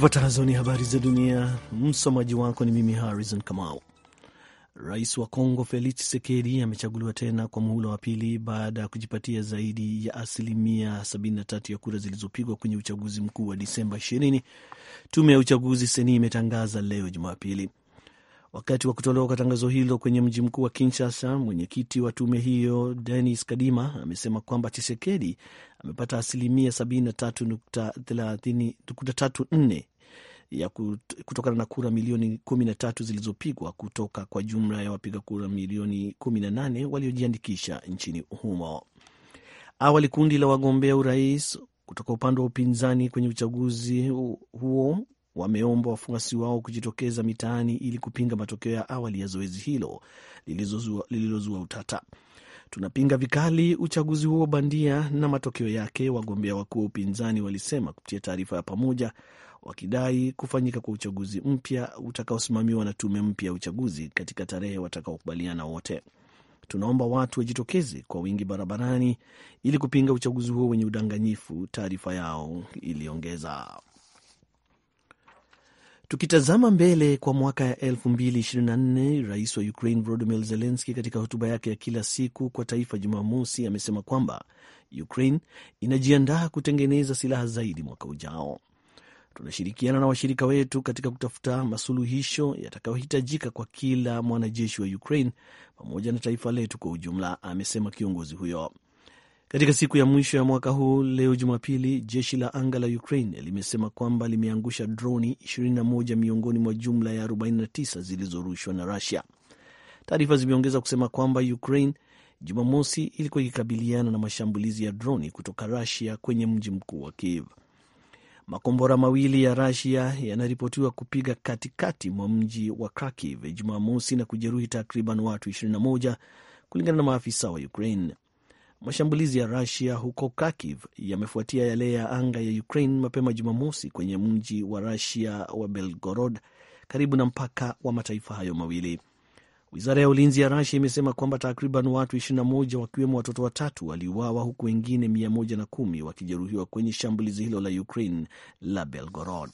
Zifuatazo ni habari za dunia. Msomaji wako ni mimi Harrison Kamau. Rais wa Kongo Felix Tshisekedi amechaguliwa tena kwa muhula wa pili baada ya kujipatia zaidi ya asilimia 73 ya kura zilizopigwa kwenye uchaguzi mkuu wa Disemba 20. Tume ya uchaguzi seni imetangaza leo Jumapili. Wakati wa kutolewa kwa tangazo hilo kwenye mji mkuu wa Kinshasa, mwenyekiti wa tume hiyo Denis Kadima amesema kwamba Chisekedi amepata asilimia 73.34 ya kutokana na kura milioni kumi na tatu zilizopigwa kutoka kwa jumla ya wapiga kura milioni kumi na nane waliojiandikisha nchini humo. Awali kundi la wagombea urais kutoka upande wa upinzani kwenye uchaguzi huo wameomba wafuasi wao kujitokeza mitaani ili kupinga matokeo ya awali ya zoezi hilo lililozua utata. Tunapinga vikali uchaguzi huo bandia na matokeo yake, wagombea wakuu wa upinzani walisema kupitia taarifa ya pamoja wakidai kufanyika kwa uchaguzi mpya utakaosimamiwa na tume mpya ya uchaguzi katika tarehe watakaokubaliana wote. Tunaomba watu wajitokeze kwa wingi barabarani ili kupinga uchaguzi huo wenye udanganyifu, taarifa yao iliongeza. Tukitazama mbele kwa mwaka ya 2024, rais wa Ukraine Volodymyr Zelensky katika hotuba yake ya kila siku kwa taifa Jumamosi amesema kwamba Ukraine inajiandaa kutengeneza silaha zaidi mwaka ujao tunashirikiana na washirika wetu katika kutafuta masuluhisho yatakayohitajika kwa kila mwanajeshi wa Ukraine pamoja na taifa letu kwa ujumla, amesema kiongozi huyo. Katika siku ya mwisho ya mwaka huu leo Jumapili, jeshi la anga la Ukraine limesema kwamba limeangusha droni 21 miongoni mwa jumla ya 49 zilizorushwa na Rusia. Taarifa zimeongeza kusema kwamba Ukraine Jumamosi ilikuwa ikikabiliana na mashambulizi ya droni kutoka Rusia kwenye mji mkuu wa Kiev. Makombora mawili ya Rusia yanaripotiwa kupiga katikati mwa mji wa Kharkiv Jumamosi na kujeruhi takriban watu 21 kulingana na maafisa wa Ukraine. Mashambulizi ya Rusia huko Kharkiv yamefuatia yale ya anga ya Ukraine mapema Jumamosi kwenye mji wa Rusia wa Belgorod karibu na mpaka wa mataifa hayo mawili. Wizara ya ulinzi ya Rasia imesema kwamba takriban watu 21 wakiwemo watoto watatu waliuawa huku wengine 110 wakijeruhiwa kwenye shambulizi hilo la Ukraine la Belgorod.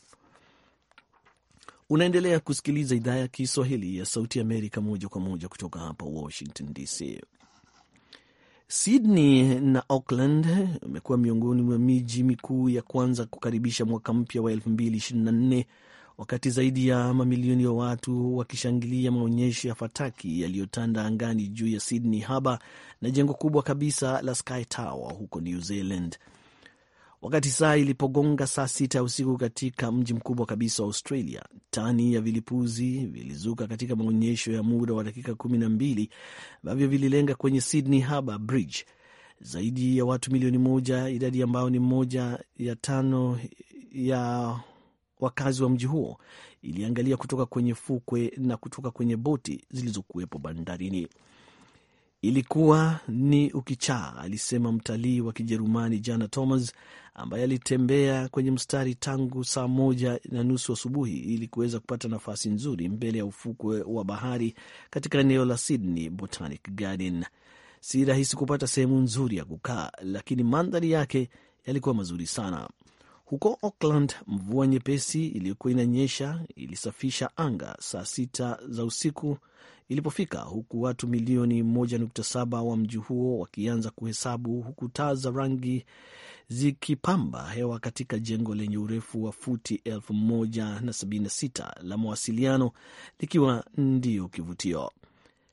Unaendelea kusikiliza idhaa ya Kiswahili ya Sauti Amerika moja kwa moja kutoka hapa Washington DC. Sydney na Auckland imekuwa miongoni mwa miji mikuu ya kwanza kukaribisha mwaka mpya wa 2024 wakati zaidi ya mamilioni ya watu wakishangilia maonyesho ya fataki yaliyotanda angani juu ya Sydney Harbour na jengo kubwa kabisa la Sky Tower huko New Zealand. Wakati saa ilipogonga saa sita ya usiku katika mji mkubwa kabisa wa Australia, tani ya vilipuzi vilizuka katika maonyesho ya muda wa dakika kumi na mbili ambavyo vililenga kwenye Sydney Harbour Bridge. Zaidi ya watu milioni moja, idadi ambayo ni moja ya tano ya wakazi wa mji huo iliangalia kutoka kwenye fukwe na kutoka kwenye boti zilizokuwepo bandarini. Ilikuwa ni ukichaa, alisema mtalii wa Kijerumani Jana Thomas ambaye alitembea kwenye mstari tangu saa moja na nusu asubuhi ili kuweza kupata nafasi nzuri mbele ya ufukwe wa bahari katika eneo la Sydney Botanic Garden. Si rahisi kupata sehemu nzuri ya kukaa, lakini mandhari yake yalikuwa mazuri sana. Huko Auckland, mvua nyepesi iliyokuwa inanyesha ilisafisha anga saa sita za usiku ilipofika, huku watu milioni 1.7 wa mji huo wakianza kuhesabu, huku taa za rangi zikipamba hewa katika jengo lenye urefu wa futi 1076 la mawasiliano likiwa ndio kivutio.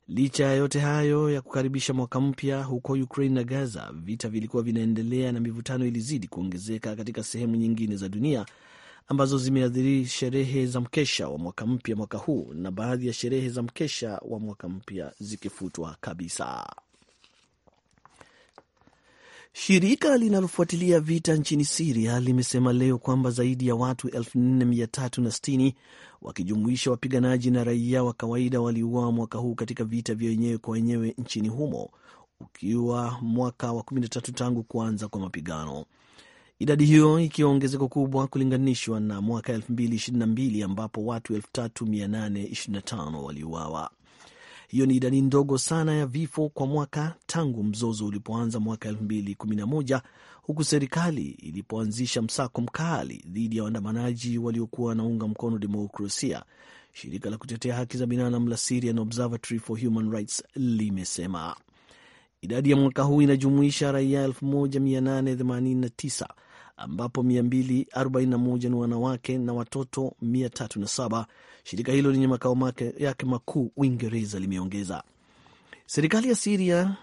Licha ya yote hayo ya kukaribisha mwaka mpya huko Ukraine na Gaza, vita vilikuwa vinaendelea na mivutano ilizidi kuongezeka katika sehemu nyingine za dunia ambazo zimeathiri sherehe za mkesha wa mwaka mpya mwaka huu, na baadhi ya sherehe za mkesha wa mwaka mpya zikifutwa kabisa. Shirika linalofuatilia vita nchini Siria limesema leo kwamba zaidi ya watu 4360 wakijumuisha wapiganaji na raia wa kawaida waliuawa mwaka huu katika vita vya wenyewe kwa wenyewe nchini humo, ukiwa mwaka wa 13 tangu kuanza kwa mapigano, idadi hiyo ikiwa ongezeko kubwa kulinganishwa na mwaka 2022 ambapo watu 3825 waliuawa. Hiyo ni idadi ndogo sana ya vifo kwa mwaka tangu mzozo ulipoanza mwaka 2011 huku serikali ilipoanzisha msako mkali dhidi ya waandamanaji waliokuwa wanaunga mkono demokrasia. Shirika la kutetea haki za binadamu la Syrian Observatory for Human Rights limesema idadi ya mwaka huu inajumuisha raia 1889 ambapo 241 ni wanawake na watoto 307. Shirika hilo lenye makao yake makuu Uingereza limeongeza. Serikali ya Siria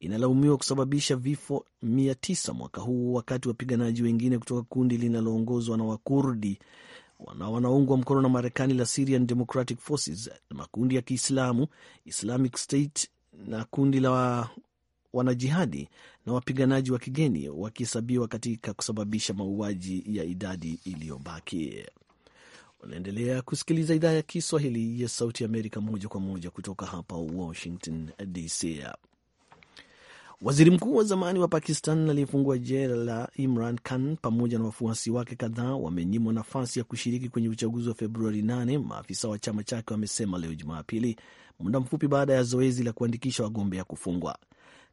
inalaumiwa kusababisha vifo 900 mwaka huu, wakati wapiganaji wengine kutoka kundi linaloongozwa na Wakurdi wana wanaungwa mkono na Marekani la Syrian Democratic Forces na makundi ya Kiislamu Islamic State na kundi la wanajihadi na wapiganaji wa kigeni wakihesabiwa katika kusababisha mauaji ya idadi iliyobaki. Unaendelea kusikiliza idhaa ya Kiswahili ya Sauti Amerika moja kwa moja kutoka hapa Washington DC. Waziri mkuu wa zamani wa Pakistan aliyefungua jela la Imran Khan pamoja na wafuasi wake kadhaa wamenyimwa nafasi ya kushiriki kwenye uchaguzi wa Februari 8, maafisa wa chama chake wamesema leo Jumapili, muda mfupi baada ya zoezi la kuandikisha wagombea kufungwa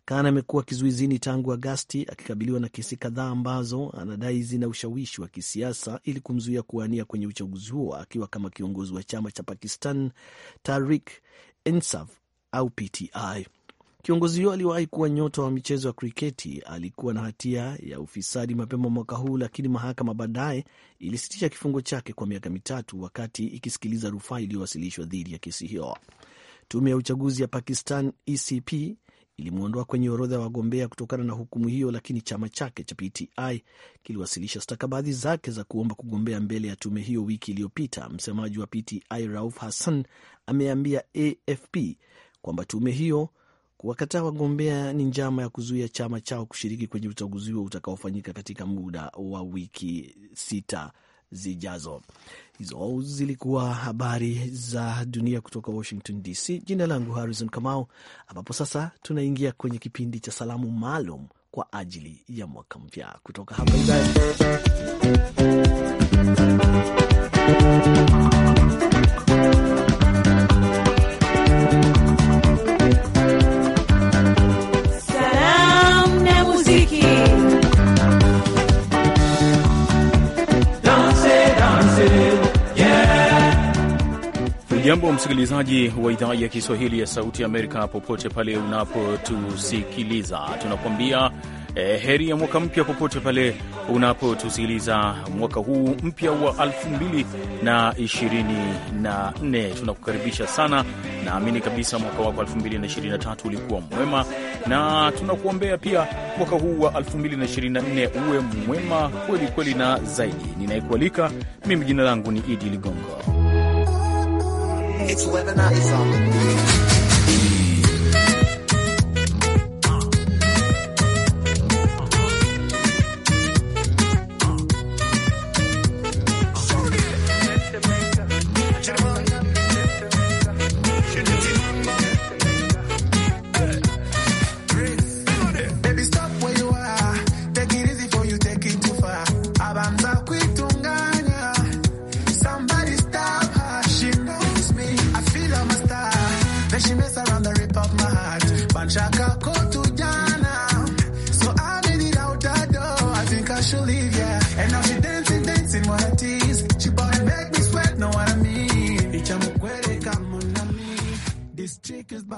kana amekuwa kizuizini tangu Agasti akikabiliwa na kesi kadhaa ambazo anadai zina ushawishi wa kisiasa ili kumzuia kuwania kwenye uchaguzi huo akiwa kama kiongozi wa chama cha Pakistan tarik Insaf au PTI. Kiongozi huyo aliwahi kuwa nyota wa michezo ya kriketi. Alikuwa na hatia ya ufisadi mapema mwaka huu, lakini mahakama baadaye ilisitisha kifungo chake kwa miaka mitatu wakati ikisikiliza rufaa iliyowasilishwa dhidi ya kesi hiyo. Tume ya uchaguzi ya Pakistan, ECP, ilimwondoa kwenye orodha ya wagombea kutokana na hukumu hiyo, lakini chama chake cha PTI kiliwasilisha stakabadhi zake za kuomba kugombea mbele ya tume hiyo wiki iliyopita. Msemaji wa PTI Rauf Hassan ameambia AFP kwamba tume hiyo kuwakataa wagombea ni njama ya kuzuia chama chao kushiriki kwenye uchaguzi huo utakaofanyika katika muda wa wiki sita zijazo. Hizo zilikuwa habari za dunia kutoka Washington DC. Jina langu Harrison Kamau, ambapo sasa tunaingia kwenye kipindi cha salamu maalum kwa ajili ya mwaka mpya kutoka hapa idhaa Hujambo msikilizaji wa idhaa ya Kiswahili ya Sauti ya Amerika, popote pale unapotusikiliza, tunakuambia eh, heri ya mwaka mpya, popote pale unapotusikiliza mwaka huu mpya wa 2024 tunakukaribisha sana. Naamini kabisa mwaka wako 2023 ulikuwa mwema, na tunakuombea pia mwaka huu wa 2024 uwe mwema kweli kweli na zaidi. Ninayekualika mimi, jina langu ni Idi Ligongo. It's whether or not it's on.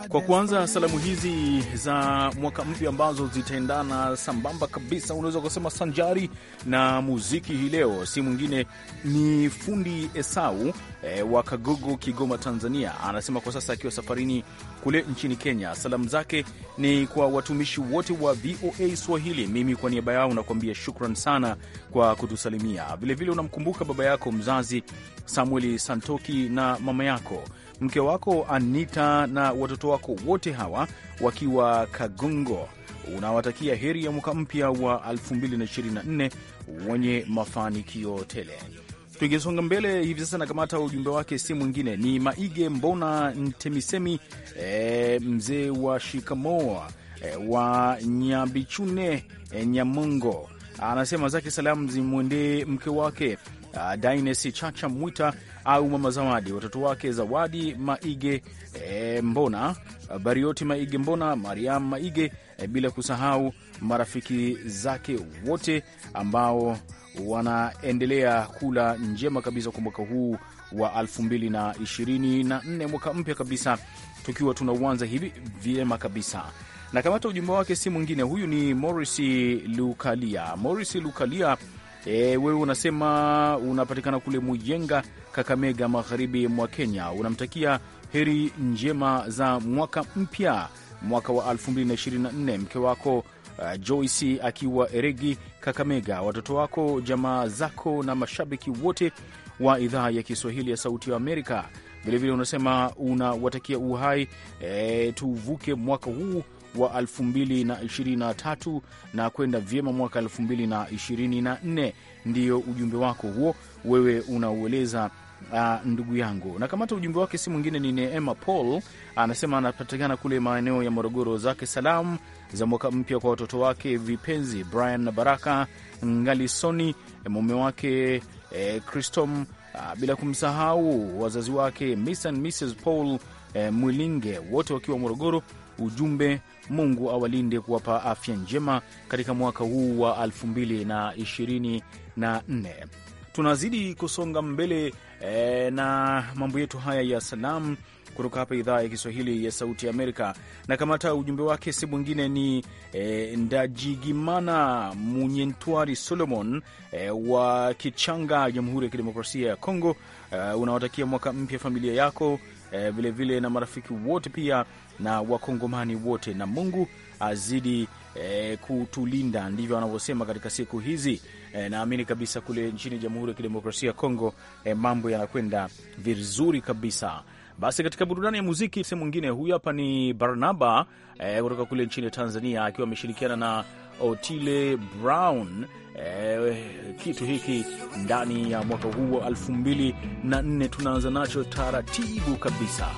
kwa kuanza salamu hizi za mwaka mpya ambazo zitaendana sambamba kabisa, unaweza kusema sanjari na muziki hii leo. Si mwingine ni fundi Esau e, wa Kagogo, Kigoma, Tanzania. Anasema kwa sasa akiwa safarini kule nchini Kenya, salamu zake ni kwa watumishi wote wa VOA Swahili. Mimi kwa niaba yao nakuambia shukran sana kwa kutusalimia. Vilevile unamkumbuka baba yako mzazi Samueli Santoki na mama yako mke wako Anita na watoto wako wote hawa wakiwa Kagongo. Unawatakia heri ya mwaka mpya wa 2024 wenye mafanikio tele. Tungesonga mbele hivi sasa, nakamata ujumbe wake, si mwingine ni Maige Mbona Ntemisemi, e, mzee wa shikamoa e, wa Nyabichune e, Nyamongo. Anasema zake salamu zimwendee mke wake Dines Chacha Mwita au Mama Zawadi, watoto wake Zawadi Maige, e, Mbona Barioti Maige, Mbona Mariam Maige, e, bila kusahau marafiki zake wote ambao wanaendelea kula njema kabisa kwa mwaka huu wa 2024 mwaka mpya kabisa, tukiwa tunauanza hivi vyema kabisa na kamata ujumbe wake si mwingine, huyu ni Morris Lukalia. Morris Lukalia E, wewe unasema unapatikana kule Mujenga, Kakamega, magharibi mwa Kenya. Unamtakia heri njema za mwaka mpya, mwaka wa 2024 mke wako uh, Joyce akiwa Eregi, Kakamega, watoto wako, jamaa zako na mashabiki wote wa idhaa ya Kiswahili ya Sauti ya Amerika. Vilevile unasema unawatakia uhai e, tuvuke mwaka huu wa 2023 na kwenda vyema mwaka 2024. Ndiyo ujumbe wako huo, wewe unaueleza Uh, ndugu yangu nakamata ujumbe wake, si mwingine ni Neema Paul. Anasema anapatikana kule maeneo ya Morogoro, zake salamu za mwaka mpya kwa watoto wake vipenzi Brian na Baraka Ngalisoni, mume wake eh, Christom, uh, bila kumsahau wazazi wake Mr. and Mrs Paul eh, Mwilinge, wote wakiwa Morogoro ujumbe Mungu awalinde kuwapa afya njema katika mwaka huu wa 2024. Tunazidi kusonga mbele e, na mambo yetu haya ya salamu kutoka hapa idhaa ya Kiswahili ya Sauti ya Amerika. Na kamata ujumbe wake si mwingine ni e, Ndajigimana Munyentwari Solomon e, wa Kichanga, Jamhuri ya Kidemokrasia ya Kongo. E, unawatakia mwaka mpya familia yako vilevile e, vile na marafiki wote pia na wakongomani wote, na Mungu azidi e, kutulinda. Ndivyo wanavyosema katika siku hizi e, naamini kabisa kule nchini Jamhuri ya Kidemokrasia ya Kongo e, mambo yanakwenda vizuri kabisa. Basi katika burudani ya muziki sehemu mwingine, huyu hapa ni Barnaba kutoka e, kule nchini Tanzania akiwa ameshirikiana na Otile Brown e, kitu hiki ndani ya mwaka huu wa 2004 tunaanza nacho taratibu kabisa.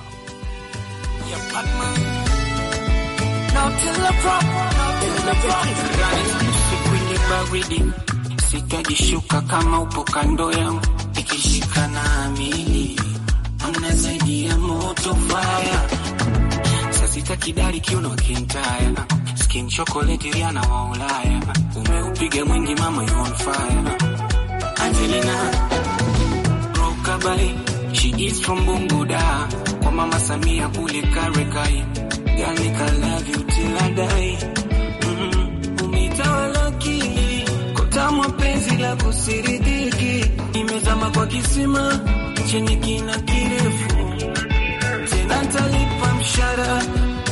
Usiku ni baridi, sitajishuka kama upo kando yangu, ikishikana amili amna zaidi ya moto faya. Sasita kidari kiuno kintaya, skin chocolate riana wa Ulaya, umeupiga mwingi mama you on fire. Angelina Rokabai, she is from Bunguda Mama Samia kule Karikai, girl yaani, like I love you till I die. Mm -hmm. Umetawala akili kotamwa penzi la kusiridiki, imezama kwa kisima chenye kina kirefu, tena talipa mshara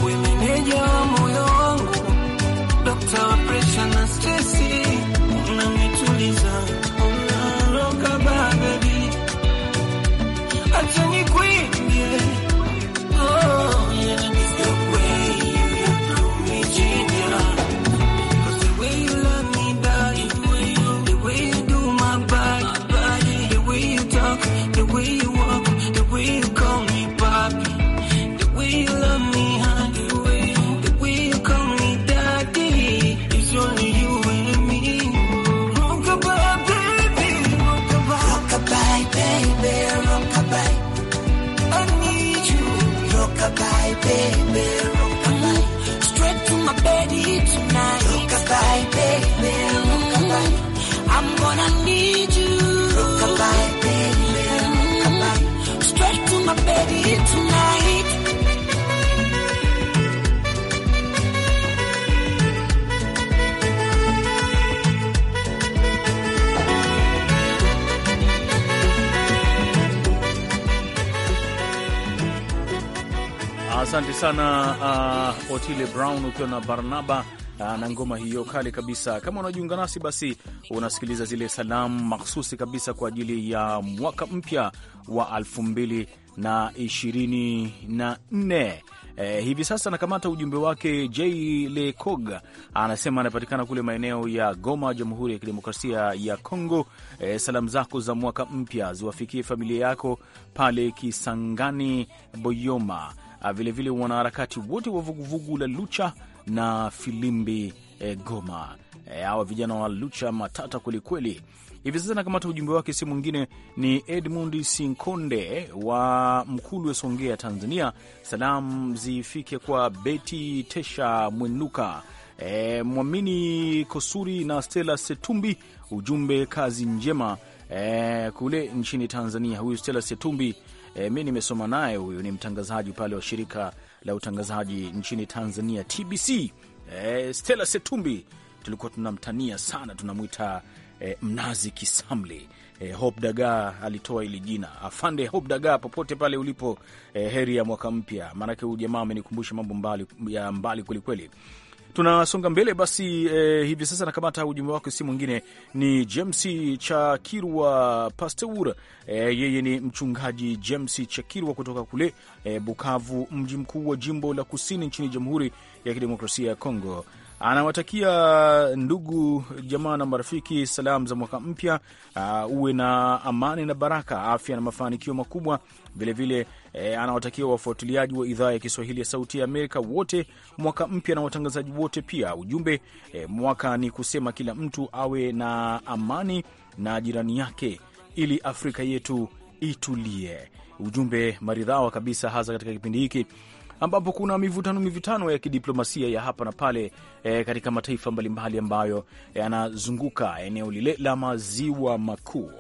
wemeneja wa moyo wangu, dokta wa presha na stresi, unanituliza, unaondoka babebi, acha ni sana uh, ah, Otile Brown ukiwa na Barnaba uh, na ngoma hiyo kali kabisa. Kama unajiunga nasi, basi unasikiliza zile salamu makhususi kabisa kwa ajili ya mwaka mpya wa elfu mbili na ishirini na nne. Eh, hivi sasa nakamata ujumbe wake J Lekoga anasema anapatikana kule maeneo ya Goma, Jamhuri ya Kidemokrasia ya Kongo. Eh, salamu zako za mwaka mpya ziwafikie familia yako pale Kisangani Boyoma vilevile ah, wanaharakati wote wa vuguvugu la Lucha na Filimbi e, Goma. Eh, hawa e, vijana wa Lucha matata kwelikweli. Hivi sasa nakamata ujumbe wake, si mwingine ni Edmund Sinkonde wa mkulu wa Songea, Tanzania. Salamu zifike kwa Beti Tesha Mwenuka, e, Mwamini Kosuri na Stela Setumbi. Ujumbe kazi njema e, kule nchini Tanzania. Huyu Stella Setumbi e, mi nimesoma naye, huyu ni mtangazaji pale wa shirika la utangazaji nchini Tanzania TBC. E, Stella Setumbi tulikuwa tunamtania sana, tunamwita e, mnazi kisamli. E, Hope Daga alitoa hili jina afande Hope Daga, popote pale ulipo e, heri ya mwaka mpya, maanake huyu jamaa amenikumbusha mambo mbali, ya mbali kwelikweli. Tunasonga mbele basi. Eh, hivi sasa nakamata ujumbe wake, si mwingine ni James Chakirwa Pasteur. Eh, yeye ni mchungaji James Chakirwa kutoka kule eh, Bukavu, mji mkuu wa jimbo la kusini nchini Jamhuri ya Kidemokrasia ya Kongo. Anawatakia ndugu jamaa na marafiki salamu za mwaka mpya, ah, uwe na amani na baraka, afya na mafanikio makubwa vilevile e, anawatakia wafuatiliaji wa idhaa ya Kiswahili ya Sauti ya Amerika wote mwaka mpya na watangazaji wote pia. Ujumbe e, mwaka ni kusema kila mtu awe na amani na jirani yake ili Afrika yetu itulie. Ujumbe maridhawa kabisa, hasa katika kipindi hiki ambapo kuna mivutano mivutano ya kidiplomasia ya hapa na pale e, katika mataifa mbalimbali ambayo yanazunguka eneo lile la maziwa makuu.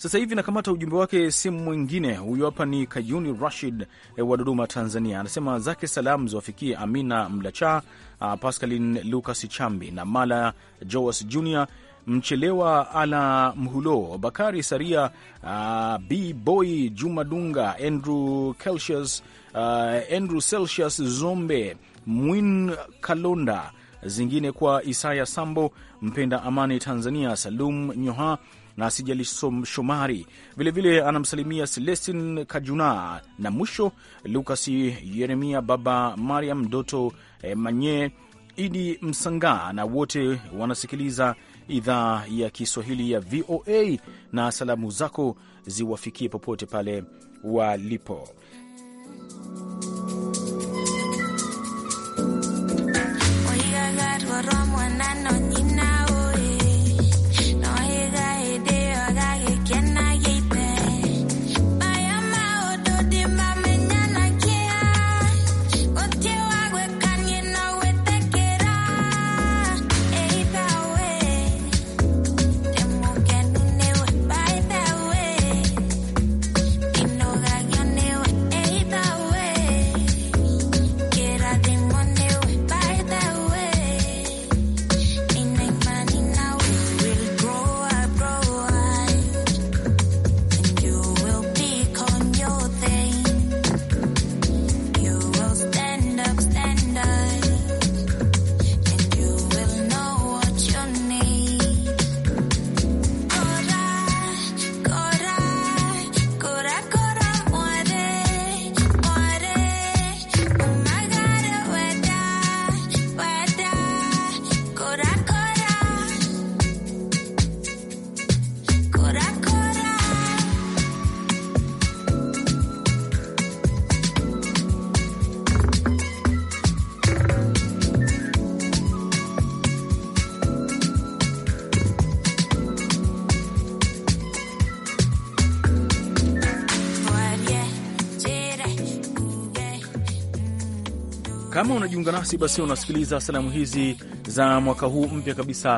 Sasa hivi nakamata ujumbe wake simu mwingine. Huyu hapa ni Kayuni Rashid eh, wa Dodoma, Tanzania. Anasema zake salamu ziwafikie Amina Mlacha, ah, Pascalin Lucas Chambi na Mala Joas Jr Mchelewa ala Mhulo, Bakari Saria, uh, B Boy Juma Dunga, Andrew Celsius, uh, ah, Andrew Celsius Zombe, Mwin Kalonda, zingine kwa Isaya Sambo, Mpenda Amani Tanzania, Salum Nyoha na Sijali Shomari, vilevile anamsalimia Celestin Kajuna na mwisho Lukas Yeremia, Baba Mariam, Doto eh, Manye, Idi Msangaa na wote wanasikiliza idhaa ya Kiswahili ya VOA na salamu zako ziwafikie popote pale walipo. unajiunga nasi, basi unasikiliza salamu hizi za mwaka huu mpya kabisa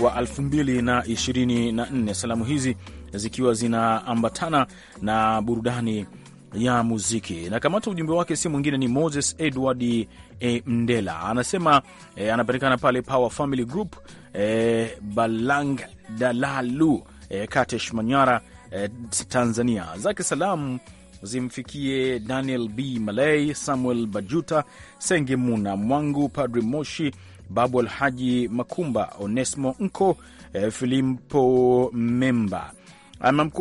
wa 2024 salamu hizi zikiwa zinaambatana na burudani ya muziki na kamata ujumbe wake si mwingine ni Moses Edward e, eh, Mdela anasema e, anapatikana pale Power Family Group e, Balang Dalalu e, Katesh Manyara e, Tanzania. Zake salamu zimfikie Daniel B Malay, Samuel Bajuta, Senge Muna Mwangu, Padri Moshi, Babu Alhaji Makumba, Onesmo Nko, eh, Filimpo Memba.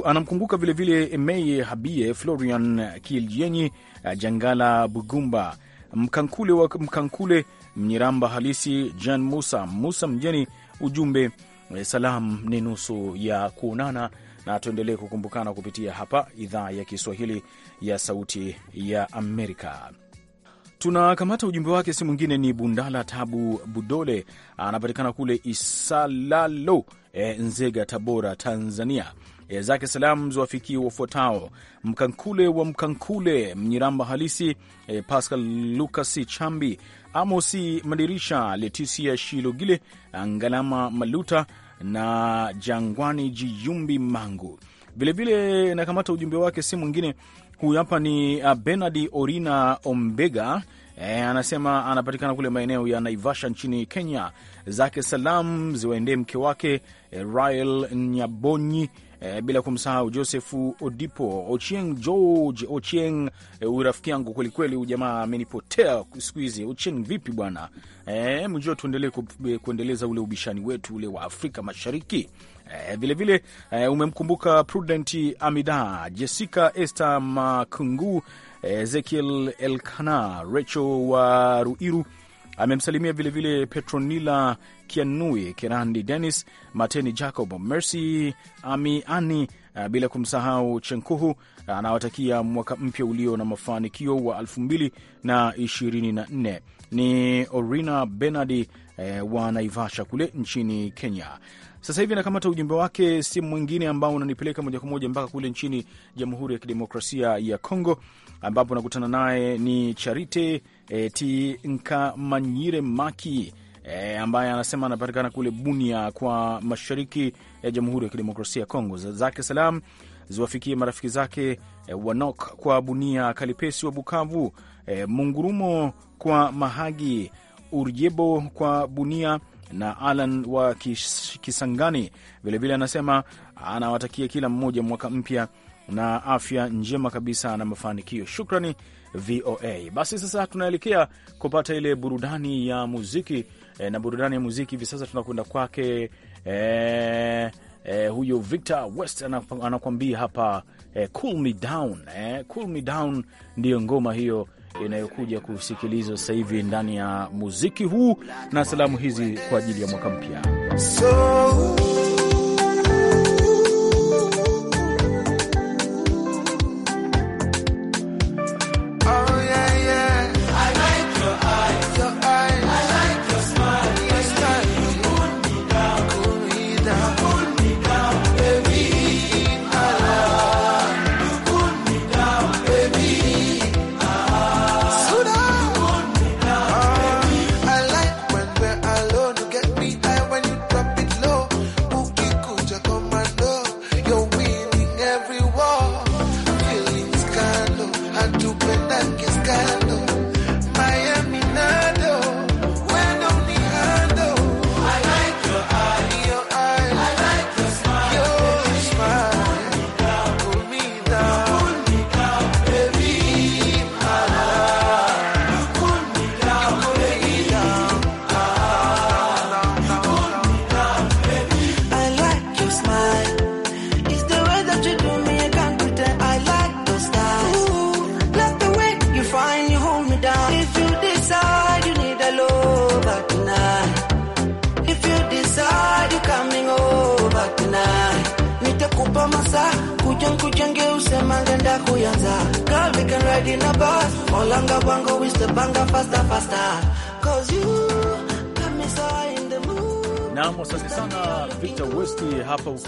Anamkumbuka vilevile Emeye Habie, Florian Kiljenyi, eh, Jangala Bugumba, Mkankule wa Mkankule, Mnyiramba Halisi, Jan Musa Musa Mjeni. Ujumbe, eh, salam ni nusu ya kuonana na tuendelee kukumbukana kupitia hapa idhaa ya Kiswahili ya Sauti ya Amerika. Tunakamata ujumbe wake, si mwingine ni Bundala Tabu Budole, anapatikana kule Isalalo, e, Nzega, Tabora, Tanzania. E, zake salamu ziwafikie wafuatao: Mkankule wa Mkankule, Mnyiramba halisi, e, Pascal Lucas Chambi, Amosi Madirisha, Letisia Shilogile, Ngalama Maluta na Jangwani Jiyumbi Mangu vilevile. Nakamata ujumbe wake, si mwingine huyu hapa ni uh, Benard Orina Ombega. E, anasema anapatikana kule maeneo ya Naivasha nchini Kenya. Zake salam ziwaendee mke wake e, Rael Nyabonyi eh, bila kumsahau Josefu Odipo Ochieng, George Ochieng. eh, urafiki yangu kwelikweli, ujamaa amenipotea siku hizi. Ochieng vipi bwana? eh, mjua tuendelee eh, kuendeleza ule ubishani wetu ule wa Afrika Mashariki. Vilevile eh, vile, eh, umemkumbuka Prudent Amida, Jessica Esther Makungu, Ezekiel Elkana, Recho wa Ruiru amemsalimia vilevile Petronila Kianui, Kerandi denis Mateni Jacob, Mercy Amiani, eh, bila kumsahau Chenkuhu. Eh, anawatakia mwaka mpya ulio na mafanikio wa 2024. Ni Orina Benardi eh, wa Naivasha kule nchini Kenya. Sasa hivi anakamata ujumbe wake simu mwingine ambao unanipeleka moja kwa moja mpaka kule nchini Jamhuri ya Kidemokrasia ya Kongo, ambapo nakutana naye ni Charite eh, T Nkamanyire Maki E, ambaye anasema anapatikana kule Bunia kwa mashariki ya Jamhuri ya Kidemokrasia ya Kongo. Zake salam ziwafikie marafiki zake e, Wanok kwa Bunia, Kalipesi wa Bukavu, e, Mungurumo kwa Mahagi, Urjebo kwa Bunia na Alan wa Kisangani. Vilevile anasema anawatakia kila mmoja mwaka mpya na afya njema kabisa na mafanikio. Shukrani VOA. Basi sasa tunaelekea kupata ile burudani ya muziki e, na burudani ya muziki hivi sasa tunakwenda kwake e, e, huyo Victor West anakuambia hapa e, cool me down e, cool me down ndiyo ngoma hiyo inayokuja kusikilizwa sasa hivi ndani ya muziki huu na salamu hizi kwa ajili ya mwaka mpya so...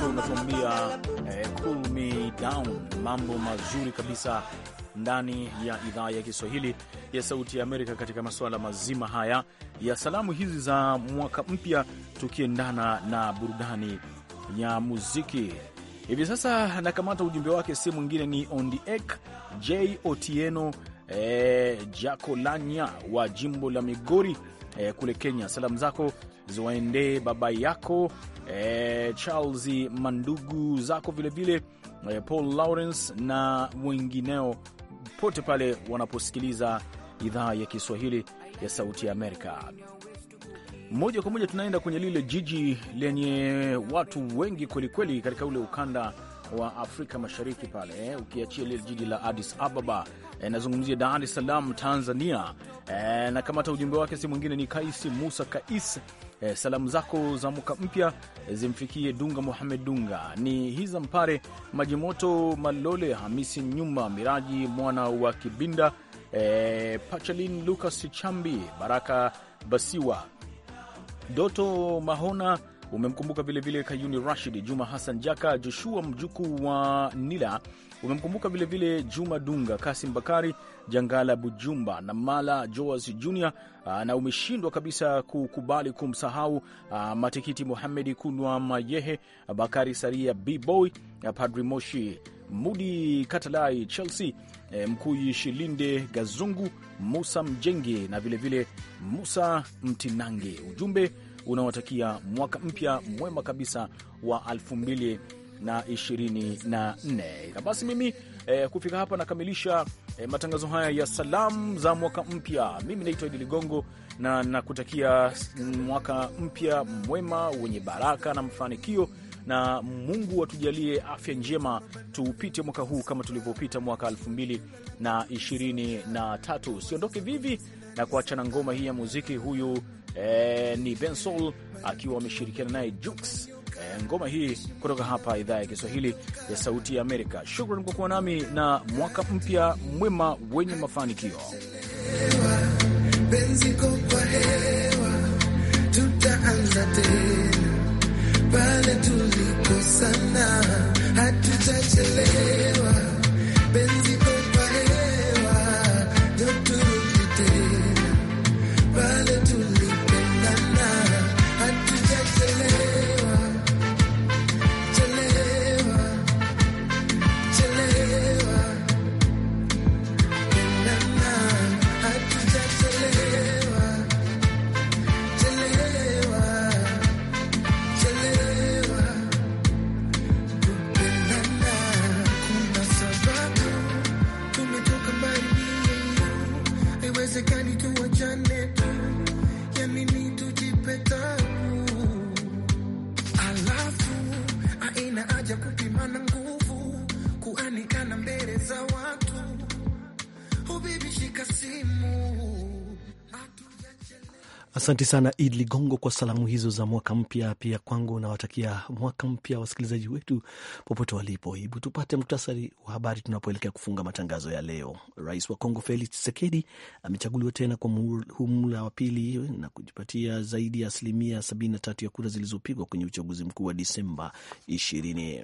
unatuambia eh, cool me down. Mambo mazuri kabisa ndani ya idhaa ya Kiswahili ya Sauti ya Amerika katika masuala mazima haya ya salamu hizi za mwaka mpya, tukiendana na burudani ya muziki hivi sasa. Nakamata ujumbe wake, si mwingine ni Ondiek J Otieno eh, Jakolanya wa jimbo la Migori eh, kule Kenya. Salamu zako ziwaendee baba yako e, Charles mandugu zako vilevile vile, e, Paul Lawrence na wengineo pote pale wanaposikiliza idhaa ya Kiswahili ya Sauti ya Amerika. Moja kwa moja tunaenda kwenye lile jiji lenye watu wengi kwelikweli katika ule ukanda wa Afrika Mashariki pale, eh, ukiachia lile jiji la Addis Ababa Eh, nazungumzia Dar es Salaam, Tanzania. E, na kamata ujumbe wake si mwingine ni Kaisi Musa Kais. Eh, salamu zako za mwaka mpya zimfikie Dunga Muhamed Dunga, ni Hiza Mpare, Majimoto Malole, Hamisi Nyuma, Miraji mwana wa Kibinda, e, Pachalin Lucas Chambi, Baraka Basiwa, Doto Mahona Umemkumbuka vilevile Kayuni Rashid, Juma Hassan Jaka, Joshua Mjuku wa Nila. Umemkumbuka vilevile Juma Dunga, Kasim Bakari, Jangala Bujumba na Mala Joas Jr, ah, na umeshindwa kabisa kukubali kumsahau ah, Matikiti Muhamedi, Kunwa Mayehe, Bakari Saria, Bboy, ah, Padri Moshi, Mudi Katalai, Chelsea eh, Mkuyi, Shilinde Gazungu, Musa Mjenge na vilevile vile Musa Mtinange. Ujumbe unaotakia mwaka mpya mwema kabisa wa 2024. Na basi mimi eh, kufika hapa nakamilisha eh, matangazo haya ya salamu za mwaka mpya. Mimi naitwa Idi Ligongo na nakutakia mwaka mpya mwema wenye baraka na mafanikio na Mungu atujalie afya njema, tuupite mwaka huu kama tulivyopita mwaka elfu mbili na ishirini na tatu. vivi na kuachana ngoma hii ya muziki. Huyu eh, ni Ben Soul akiwa ameshirikiana naye Jux eh, ngoma hii kutoka hapa idhaa ya Kiswahili ya Sauti ya Amerika. Shukran kwa kuwa nami na mwaka mpya mwema wenye mafanikio. Pale tulikosana hatutachelewa. Asante sana Id Ligongo kwa salamu hizo za mwaka mpya. Pia kwangu nawatakia mwaka mpya wasikilizaji wetu popote walipo. Hebu tupate muktasari wa habari tunapoelekea kufunga matangazo ya leo. Rais wa Kongo Felix Tshisekedi amechaguliwa tena kwa muhula wa pili na kujipatia zaidi ya asilimia 73 ya kura zilizopigwa kwenye uchaguzi mkuu wa Disemba ishirini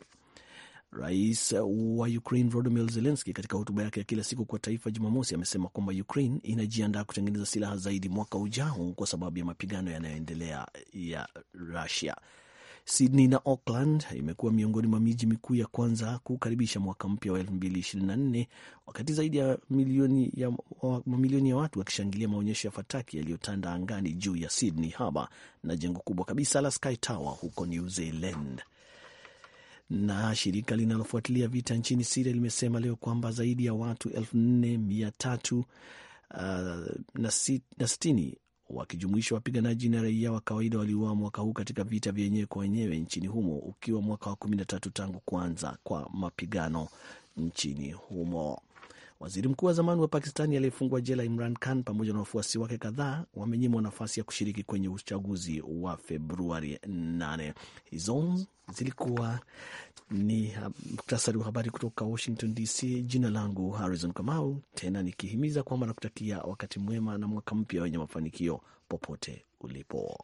Rais wa Ukraine Volodymyr Zelensky katika hotuba yake ya kila siku kwa taifa Jumamosi amesema kwamba Ukraine inajiandaa kutengeneza silaha zaidi mwaka ujao kwa sababu ya mapigano yanayoendelea ya Russia. Sydney na Auckland imekuwa miongoni mwa miji mikuu ya kwanza kukaribisha mwaka mpya wa 2024 wakati zaidi ya mamilioni ya, mamilioni ya watu wakishangilia maonyesho ya fataki yaliyotanda angani juu ya Sydney Harbour na jengo kubwa kabisa la Sky Tower huko New Zealand. Na shirika linalofuatilia vita nchini Siria limesema leo kwamba zaidi ya watu elfu nne mia tatu uh, na sitini wakijumuisha wapiganaji na raia wa kawaida waliuawa mwaka huu katika vita vya wenyewe kwa wenyewe nchini humo, ukiwa mwaka wa kumi na tatu tangu kuanza kwa mapigano nchini humo. Waziri mkuu wa zamani wa Pakistani aliyefungwa jela Imran Khan pamoja na wafuasi wake kadhaa wamenyimwa nafasi ya kushiriki kwenye uchaguzi wa Februari 8. Hizo zilikuwa ni muktasari wa habari kutoka Washington DC. Jina langu Harrison Kamau, tena nikihimiza kwamba nakutakia wakati mwema na mwaka mpya wenye mafanikio popote ulipo.